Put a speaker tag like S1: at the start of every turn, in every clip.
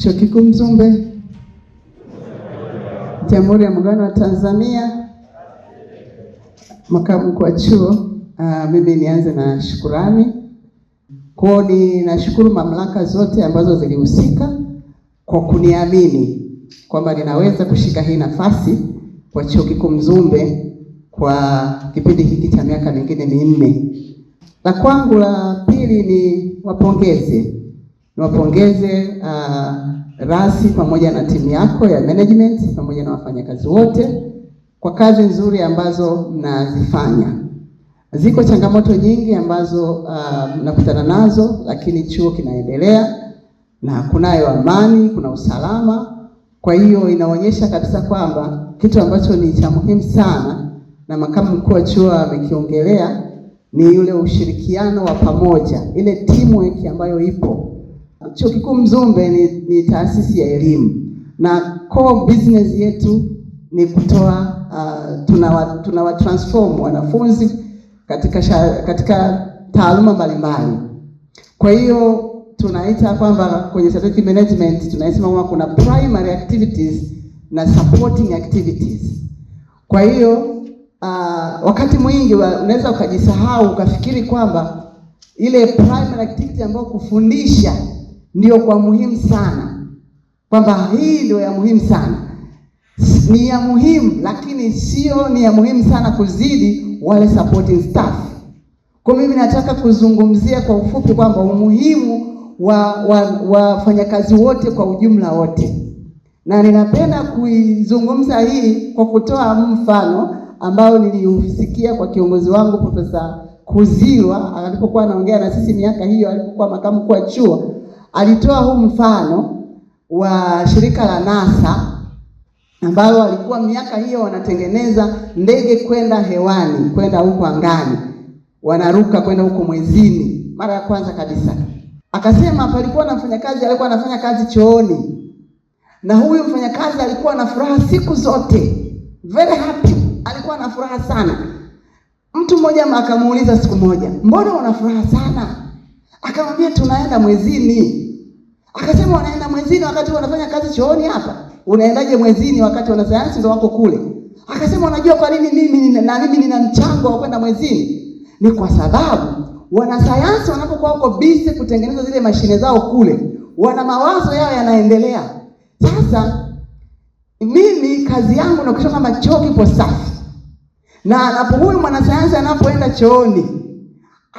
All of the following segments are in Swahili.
S1: Chuo Kikuu Mzumbe, Jamhuri ya Muungano wa Tanzania, makamu mkuu wa chuo. Ah, mimi nianze na shukurani kwao. Ninashukuru mamlaka zote ambazo zilihusika kwa kuniamini kwamba ninaweza kushika hii nafasi kwa Chuo Kikuu Mzumbe kwa kipindi hiki cha miaka mingine minne. La kwangu la pili ni wapongeze niwapongeze uh, Rasi pamoja na timu yako ya management pamoja na wafanyakazi wote kwa kazi nzuri ambazo mnazifanya. Ziko changamoto nyingi ambazo uh, mnakutana uh, nazo, lakini chuo kinaendelea na kunayo amani, kuna usalama. Kwa hiyo inaonyesha kabisa kwamba kitu ambacho ni cha muhimu sana na makamu mkuu wa chuo amekiongelea ni yule ushirikiano wa pamoja, ile teamwork ambayo ipo Chuo Kikuu Mzumbe ni, ni taasisi ya elimu na core business yetu ni kutoa uh, tunawa, tunawa transform wanafunzi katika, katika taaluma mbalimbali. Kwa hiyo tunaita kwamba kwenye strategic management tunasema kwamba kuna primary activities na supporting activities. Kwa hiyo uh, wakati mwingi wa, unaweza ukajisahau ukafikiri kwamba ile primary activity ambayo kufundisha ndiyo kwa muhimu sana, kwamba hii ndio ya muhimu sana. Ni ya muhimu lakini sio ni ya muhimu sana kuzidi wale supporting staff. Kwa mimi nataka kuzungumzia kwa ufupi kwamba umuhimu wa wafanyakazi wa wote kwa ujumla wote, na ninapenda kuizungumza hii kwa kutoa mfano ambao niliusikia kwa kiongozi wangu Profesa Kuzirwa alipokuwa anaongea na sisi miaka hiyo alipokuwa makamu mkuu wa chuo Alitoa huu mfano wa shirika la NASA ambalo walikuwa miaka hiyo wanatengeneza ndege kwenda hewani, kwenda huko angani, wanaruka kwenda huko mwezini, mara ya kwanza kabisa. Akasema palikuwa na mfanyakazi alikuwa anafanya kazi chooni, na huyu mfanyakazi alikuwa na furaha siku zote, very happy, alikuwa na furaha sana. Mtu mmoja akamuuliza siku moja, mbona una furaha sana? Akamwambia tunaenda mwezini. Akasema wanaenda mwezini wakati wanafanya kazi chooni hapa. Unaendaje mwezini wakati wanasayansi ndio wako kule? Akasema wanajua kwa nini mimi na mimi nina mchango wa kwenda mwezini. Ni kwa sababu wanasayansi wanapokuwa wako busy kutengeneza zile mashine zao kule, wana mawazo yao yanaendelea. Sasa mimi kazi yangu nakuisha kwamba choo kipo safi, na anapo huyu mwanasayansi anapoenda chooni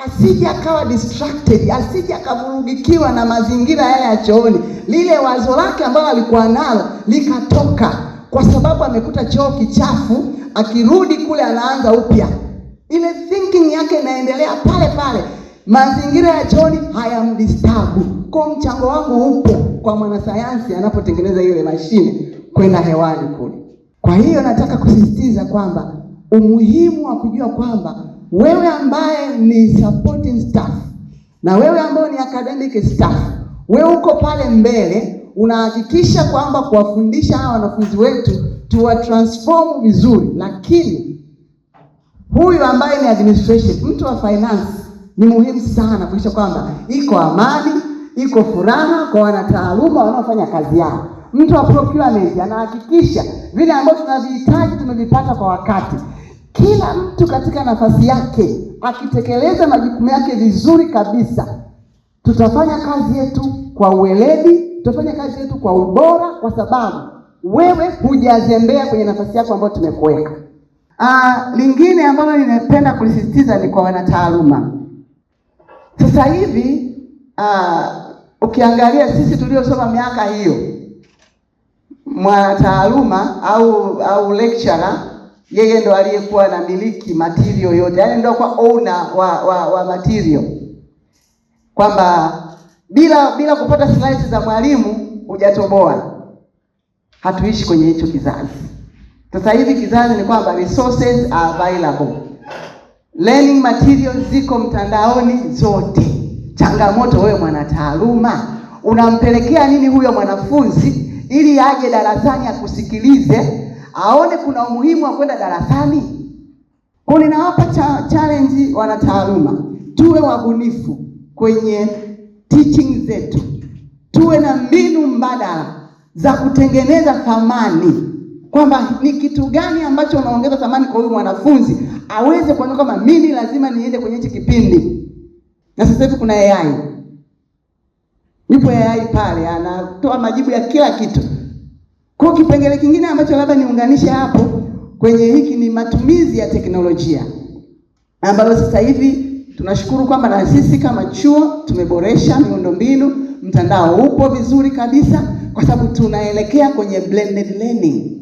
S1: asije akawa distracted, asije akavurugikiwa na mazingira yale ya chooni, lile wazo lake ambalo alikuwa nalo likatoka, kwa sababu amekuta choo kichafu. Akirudi kule anaanza upya, ile thinking yake inaendelea pale pale, mazingira ya chooni hayamdistabu. Kwa mchango wangu upo kwa mwanasayansi anapotengeneza ile mashine kwenda hewani kule. Kwa hiyo nataka kusisitiza kwamba umuhimu wa kujua kwamba wewe ambaye ni supporting staff na wewe ambaye ni academic staff, wewe uko pale mbele, unahakikisha kwamba kuwafundisha hawa wanafunzi wetu tuwa transform vizuri. Lakini huyu ambaye ni administration, mtu wa finance, ni muhimu sana kuhakikisha kwamba iko amani, iko furaha kwa wanataaluma wanaofanya kazi yao. Mtu wa procurement anahakikisha vile ambavyo tunavihitaji tumevipata kwa wakati. Kila mtu katika nafasi yake akitekeleza majukumu yake vizuri kabisa, tutafanya kazi yetu kwa uweledi, tutafanya kazi yetu kwa ubora, kwa sababu wewe hujazembea kwenye nafasi yako ambayo tumekuweka. Ah, lingine ambalo ninapenda kulisisitiza ni kwa wanataaluma. Sasa hivi ah, ukiangalia sisi tuliosoma miaka hiyo mwanataaluma au au lecturer yeye ndo aliyekuwa miliki material yote, yaani ndo kwa owner wa, wa, wa material, kwamba bila bila kupata slides za mwalimu hujatoboa. Hatuishi kwenye hicho kizazi sasa hivi. Kizazi ni kwamba resources are available, learning materials ziko mtandaoni zote. Changamoto wewe mwanataaluma unampelekea nini huyo mwanafunzi ili aje darasani akusikilize aone kuna umuhimu wa kwenda darasani. Kwa ninawapa cha challenge wanataaluma, tuwe wabunifu kwenye teaching zetu, tuwe na mbinu mbadala za kutengeneza thamani, kwamba ni kitu gani ambacho unaongeza thamani kwa huyu mwanafunzi aweze kuona kwamba mimi lazima niende kwenye hichi kipindi. Na sasa hivi kuna AI, yupo AI pale anatoa majibu ya kila kitu. Kwa kipengele kingine ambacho labda niunganishe hapo kwenye hiki ni matumizi ya teknolojia ambalo sasa hivi tunashukuru kwamba na sisi kama chuo tumeboresha miundombinu, mtandao upo vizuri kabisa, kwa sababu tunaelekea kwenye blended learning.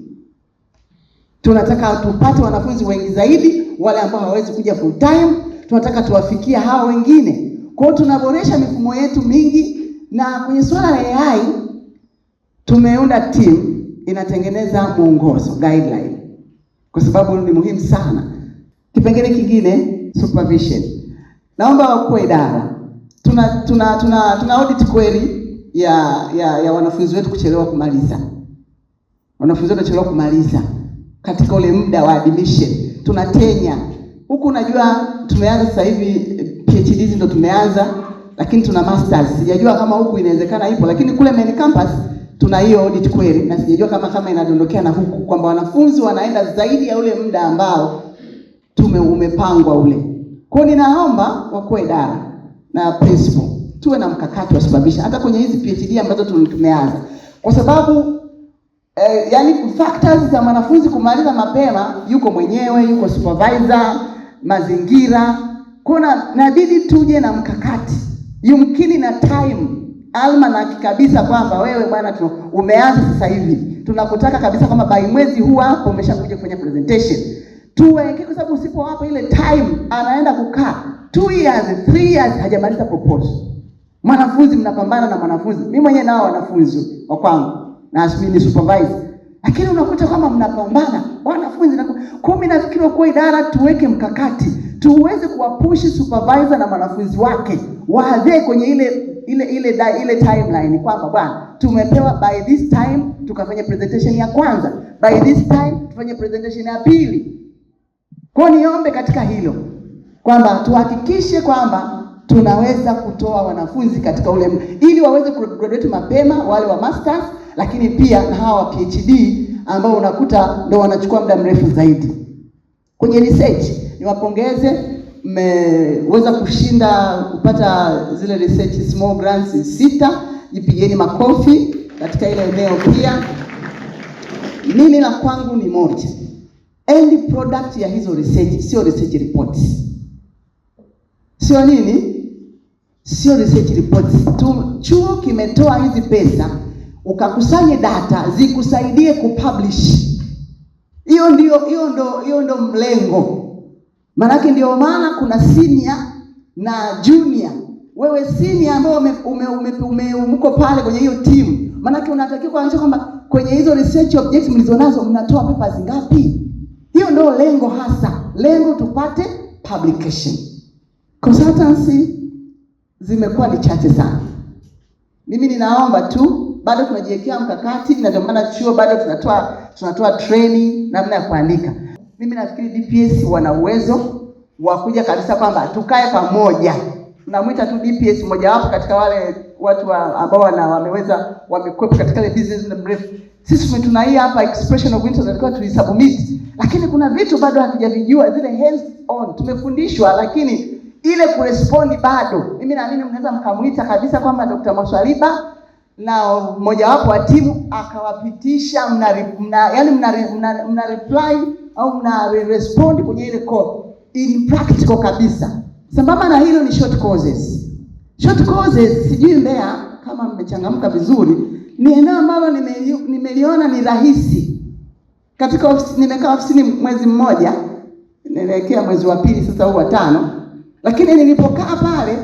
S1: Tunataka tupate wanafunzi wengi zaidi, wale ambao hawawezi kuja full time, tunataka tuwafikia hao wengine. Kwa hiyo tunaboresha mifumo yetu mingi, na kwenye suala la AI tumeunda timu inatengeneza mwongozo guideline, kwa sababu ni muhimu sana. Kipengele kingine supervision, naomba wakuu wa idara, tuna tuna tuna, tuna audit kweli ya, ya ya wanafunzi wetu kuchelewa kumaliza, wanafunzi wetu kuchelewa kumaliza katika ule muda wa admission, tunatenya huku. Unajua, tumeanza sasa hivi PhD ndo tumeanza, lakini tuna masters. Sijajua kama huku inawezekana ipo, lakini kule main campus tuna hiyo audit kweli, na sijajua kama kama inadondokea na huku kwamba wanafunzi wanaenda zaidi ya ule muda ambao tume umepangwa ule. Kwa hiyo ninaomba wakuu wa idara na principal tuwe na mkakati wa kusababisha hata kwenye hizi PhD ambazo tumeanza, kwa sababu eh, yani factors za mwanafunzi kumaliza mapema yuko mwenyewe, yuko supervisor, mazingira. kuna nabidi tuje na mkakati yumkini na time almanaki kabisa kwamba wewe bwana tu umeanza sasa hivi, tunakutaka kabisa kwamba by mwezi huu hapo umeshakuja kufanya presentation, tuweke kwa sababu usipo hapo ile time anaenda kukaa 2 years 3 years hajamaliza proposal. Mwanafunzi mnapambana na mwanafunzi, mimi mwenyewe nao wanafunzi wa kwangu na asmini supervisor, lakini unakuta kama mnapambana wanafunzi na kumi. Nafikiri kwa idara tuweke mkakati tuweze kuwapushi supervisor na mwanafunzi wake waadhee kwenye ile ile ile da, ile timeline kwamba bwana, tumepewa by this time tukafanya presentation ya kwanza, by this time tufanye presentation ya pili. Kwa niombe katika hilo kwamba tuhakikishe kwamba tunaweza kutoa wanafunzi katika ule ili waweze kugraduate mapema wale wa masters, lakini pia na hawa wa PhD ambao unakuta ndo wanachukua muda mrefu zaidi kwenye research. Niwapongeze mmeweza kushinda kupata zile research small grants sita, jipigeni makofi katika ile eneo. Pia mimi na kwangu ni moja, end product ya hizo research sio research reports, sio nini, sio research reports tu. Chuo kimetoa hizi pesa, ukakusanye data zikusaidie kupublish. Hiyo ndio hiyo ndio hiyo ndio mlengo Maanake ndio maana kuna senior na junior. Wewe senior ambao ume, ume, ume, ume, pale kwenye hiyo team, maanake unatakiwa kuanza kwamba kwenye hizo research objects mlizonazo mnatoa papers ngapi? Hiyo ndio lengo hasa, lengo tupate publication. Consultancy zimekuwa ni chache sana. Mimi ninaomba tu bado tunajiwekea mkakati, na ndio maana chuo bado tunatoa tunatoa training namna ya kuandika. Mimi nafikiri DPS wana uwezo wa kuja kabisa kwamba tukae pamoja. Tunamwita tu DPS mojawapo katika wale watu wa, ambao wana wameweza wamekwepo katika ile business na mrefu. Sisi tuna hii hapa expression of interest tulikuwa tulisubmit, lakini kuna vitu bado hatujavijua zile hands on. Tumefundishwa lakini ile kurespondi bado. Mimi naamini mnaweza mkamwita kabisa kwamba Dr. Mwaswaliba na mmojawapo wa timu akawapitisha mna, mna, yani mna, mna, mna reply au mna respond kwenye ile call ili practical kabisa. Sambamba na hilo ni short courses. Short courses sijui Mbeya kama mmechangamka vizuri, ni eneo ambalo nimeliona ni rahisi. Katika ofisi nimekaa ofisini mwezi mmoja, ninaelekea mwezi wa pili sasa au wa tano, lakini nilipokaa pale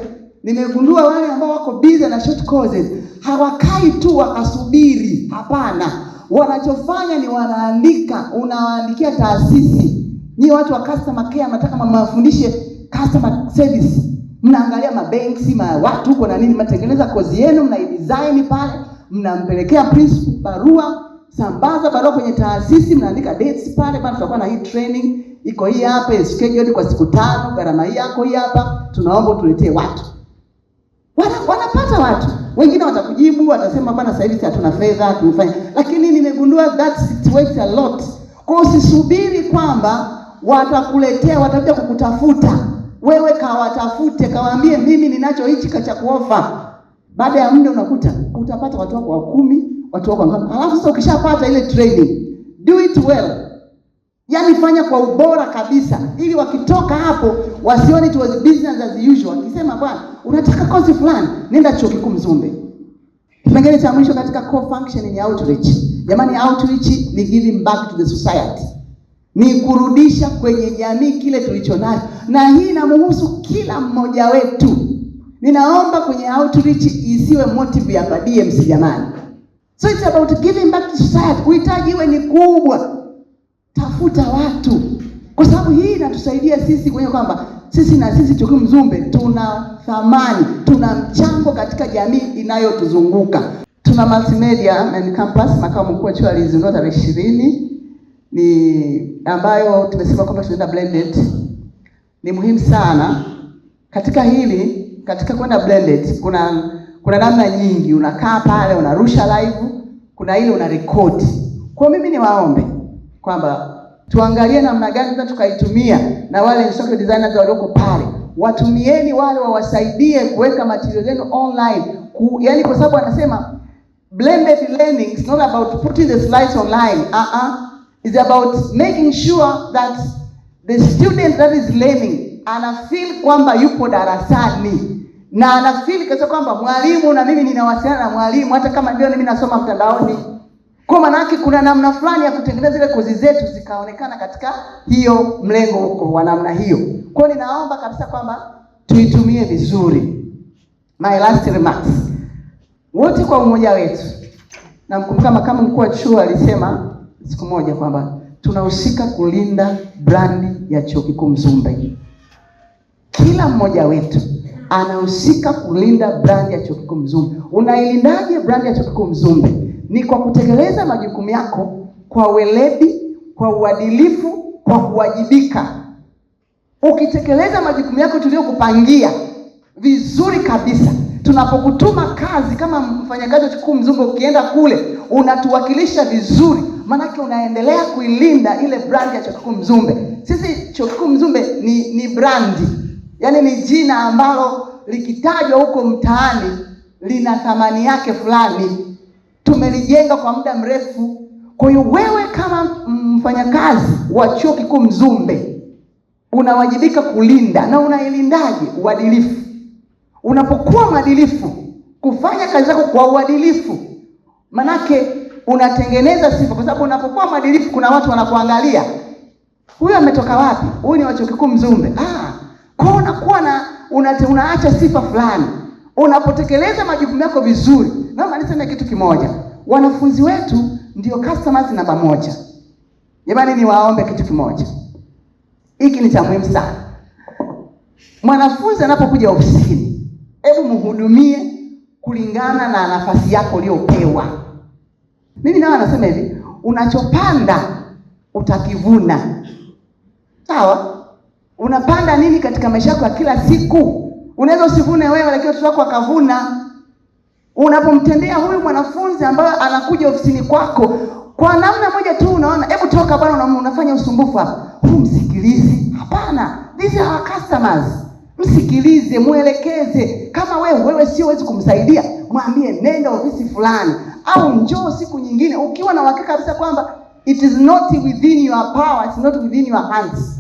S1: nimegundua wale ambao wako busy na short courses hawakai tu wakasubiri, hapana Wanachofanya ni wanaandika, unawaandikia taasisi. Ni watu wa customer care mnataka mwafundishe customer service, mnaangalia mabanks ma watu huko na nini, mnatengeneza kozi yenu, mna design pale, mnampelekea principal barua, sambaza barua kwenye taasisi, mnaandika dates pale bana, tutakuwa na hii training iko hii hapa, schedule kwa siku tano, gharama hii yako hii hapa, tunaomba tuletee watu. Wana, wanapata watu wengine watakujibu watasema, bwana, sasa hivi hatuna fedha tumefanya, lakini nimegundua that situates a lot. Kwa usisubiri kwamba watakuletea watakuja kukutafuta wewe, kawatafute, kawaambie mimi ninacho hichi cha kuofa. Baada ya muda unakuta utapata watu wako wa kumi, watu wako, halafu sasa ukishapata ile training, do it well Yaani fanya kwa ubora kabisa, ili wakitoka hapo wasione it was business as usual. Akisema bwana, unataka kozi fulani, nenda chuo kikuu Mzumbe. Kipengele cha mwisho katika core function ni outreach. Jamani, outreach ni giving back to the society, ni kurudisha kwenye jamii kile tulicho nacho, na hii inamhusu kila mmoja wetu. Ninaomba kwenye outreach isiwe motive ya badie msijamani. so it's about giving back to society. Uhitaji iwe ni kubwa tafuta watu, kwa sababu hii inatusaidia sisi kwenye kwamba sisi na sisi tukiwa Mzumbe tuna thamani, tuna mchango katika jamii inayotuzunguka. Tuna multimedia and campus, makao mkuu wa chuo alizindua tarehe ishirini ni ambayo tumesema kwamba tunaenda blended. Ni muhimu sana katika hili, katika kwenda blended kuna kuna namna nyingi, unakaa pale unarusha live, kuna ile una rekodi. Kwa mimi niwaombe kwamba tuangalie namna gani tunaweza tukaitumia, na wale instructional designers walioko pale watumieni wale wawasaidie kuweka material zenu online ku, yani kwa sababu anasema blended learning is not about putting the slides online uh -uh. It's about making sure that the student that is learning ana feel kwamba yupo darasani na ana feel kwamba mwalimu na mimi ninawasiliana na mwalimu, hata kama ndio mimi nasoma mtandaoni. Kwa maana yake kuna namna fulani ya kutengeneza ile kozi zetu zikaonekana katika hiyo mlengo huko wa namna hiyo. Kwa hiyo ninaomba kabisa kwamba tuitumie vizuri. My last remarks. Wote kwa umoja wetu. Namkumbuka makamu mkuu wa chuo alisema siku moja kwamba tunahusika kulinda brandi ya Chuo Kikuu Mzumbe. Kila mmoja wetu anahusika kulinda brandi ya Chuo Kikuu Mzumbe. Unailindaje brandi ya Chuo Kikuu Mzumbe? ni kwa kutekeleza majukumu yako kwa weledi, kwa uadilifu, kwa kuwajibika. Ukitekeleza majukumu yako tuliyokupangia vizuri kabisa, tunapokutuma kazi kama mfanyakazi wa chukuu Mzumbe, ukienda kule unatuwakilisha vizuri, maanake unaendelea kuilinda ile brandi ya Chuo Kikuu Mzumbe. Sisi Chuo Kikuu Mzumbe ni, ni brandi, yaani ni jina ambalo likitajwa huko mtaani lina thamani yake fulani tumelijenga kwa muda mrefu. Kwa hiyo wewe kama mfanyakazi wa chuo kikuu Mzumbe unawajibika kulinda na unailindaje? Uadilifu. Unapokuwa mwadilifu, kufanya kazi zako kwa uadilifu, manake unatengeneza sifa, kwa sababu unapokuwa mwadilifu kuna watu wanakuangalia, huyu ametoka wapi? Huyu ni wa chuo kikuu Mzumbe. Ah, kwa unakuwa na una, unaacha sifa fulani Unapotekeleza majukumu yako vizuri, naomba niseme kitu kimoja, wanafunzi wetu ndio customers namba moja. Jamani, niwaombe kitu kimoja, hiki ni cha muhimu sana. Mwanafunzi anapokuja ofisini, hebu mhudumie kulingana na nafasi yako uliyopewa. Mimi nao anasema hivi, unachopanda utakivuna. Sawa, unapanda nini katika maisha yako ya kila siku? Unaweza usivune wewe, lakini watoto wako wakavuna. Unapomtendea huyu mwanafunzi ambaye anakuja ofisini kwako kwa namna moja tu, unaona hebu toka bwana, unafanya usumbufu hapa, humsikilizi. Hapana, these are our customers. Msikilize, mwelekeze. Kama wewe wewe sio wezi kumsaidia, mwambie nenda ofisi fulani, au njoo siku nyingine, ukiwa na uhakika kabisa kwamba it is not within your power, it's not within your hands,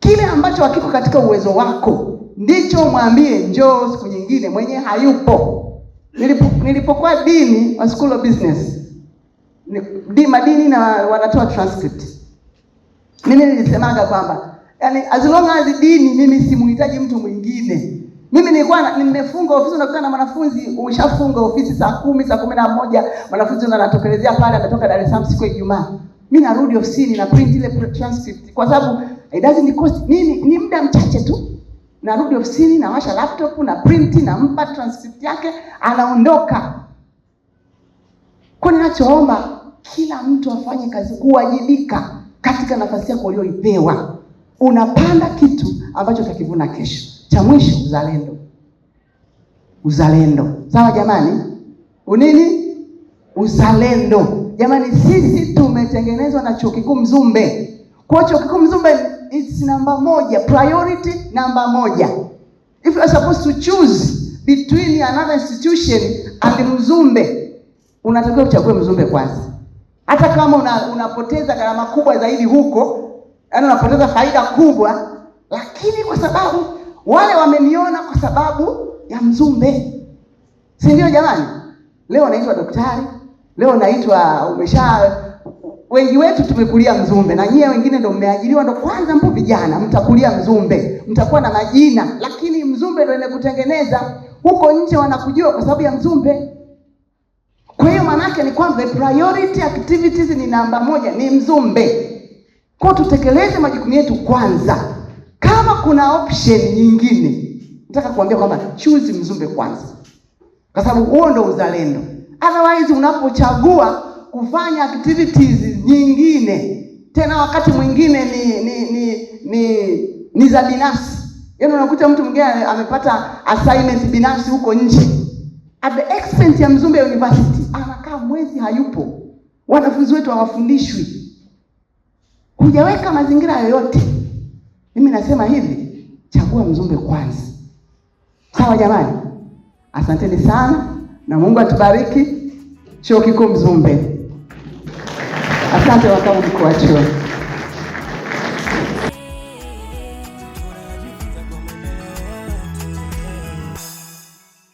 S1: kile ambacho hakiko katika uwezo wako ndicho mwambie njoo siku nyingine, mwenye hayupo. Nilipo, nilipokuwa dini wa school of business di madini na wanatoa transcript, mimi nilisemaga kwamba yani, as long as dini, mimi simuhitaji mtu mwingine. Mimi nilikuwa nimefunga ofisi, unakutana na mwanafunzi umeshafunga ofisi saa kumi saa kumi na moja mwanafunzi anatokelezea pale, ametoka Dar es Salaam siku ya Ijumaa, mimi narudi ofisini na print ile transcript, kwa sababu it doesn't cost. mimi, ni muda mchache tu narudi ofisini, nawasha laptop na printi, nampa transcript yake, anaondoka. Kwa ninachoomba kila mtu afanye kazi, kuwajibika katika nafasi yako uliyoipewa. Unapanda kitu ambacho utakivuna kesho. Cha mwisho, uzalendo. Uzalendo, sawa jamani? Unini? Uzalendo jamani, sisi tumetengenezwa na chuo kikuu Mzumbe. Kwa chuo kikuu Mzumbe it's number moja, priority number moja. If you are supposed to choose between another institution and Mzumbe, unatakiwa uchague Mzumbe kwanza, hata kama una, unapoteza gharama kubwa zaidi huko, yaani unapoteza faida kubwa, lakini kwa sababu wale wameniona kwa sababu ya Mzumbe, si ndio? Jamani, leo naitwa daktari, leo naitwa umesha wengi wetu tumekulia Mzumbe na nyie wengine ndio mmeajiriwa, ndio kwanza mpo vijana, mtakulia Mzumbe, mtakuwa na majina, lakini Mzumbe ndio imekutengeneza huko nje, wanakujua kwa sababu ya Mzumbe. Kwa hiyo maanake ni kwamba priority activities ni namba moja, ni Mzumbe. Kwa tutekeleze majukumu yetu kwanza, kama kuna option nyingine, nataka kuambia kwamba choose Mzumbe kwanza, kwa sababu huo ndio uzalendo. Otherwise unapochagua kufanya activities nyingine, tena wakati mwingine ni ni ni ni, ni za binafsi. Yaani unakuta mtu mwingine amepata assignment binafsi huko nje at the expense ya Mzumbe University, anakaa mwezi hayupo, wanafunzi wetu hawafundishwi. Hujaweka mazingira yoyote. Mimi nasema hivi, chagua Mzumbe kwanza. Sawa jamani, asanteni sana na Mungu atubariki. Chuo Kikuu Mzumbe. Asante wakao mkuu wa chuo.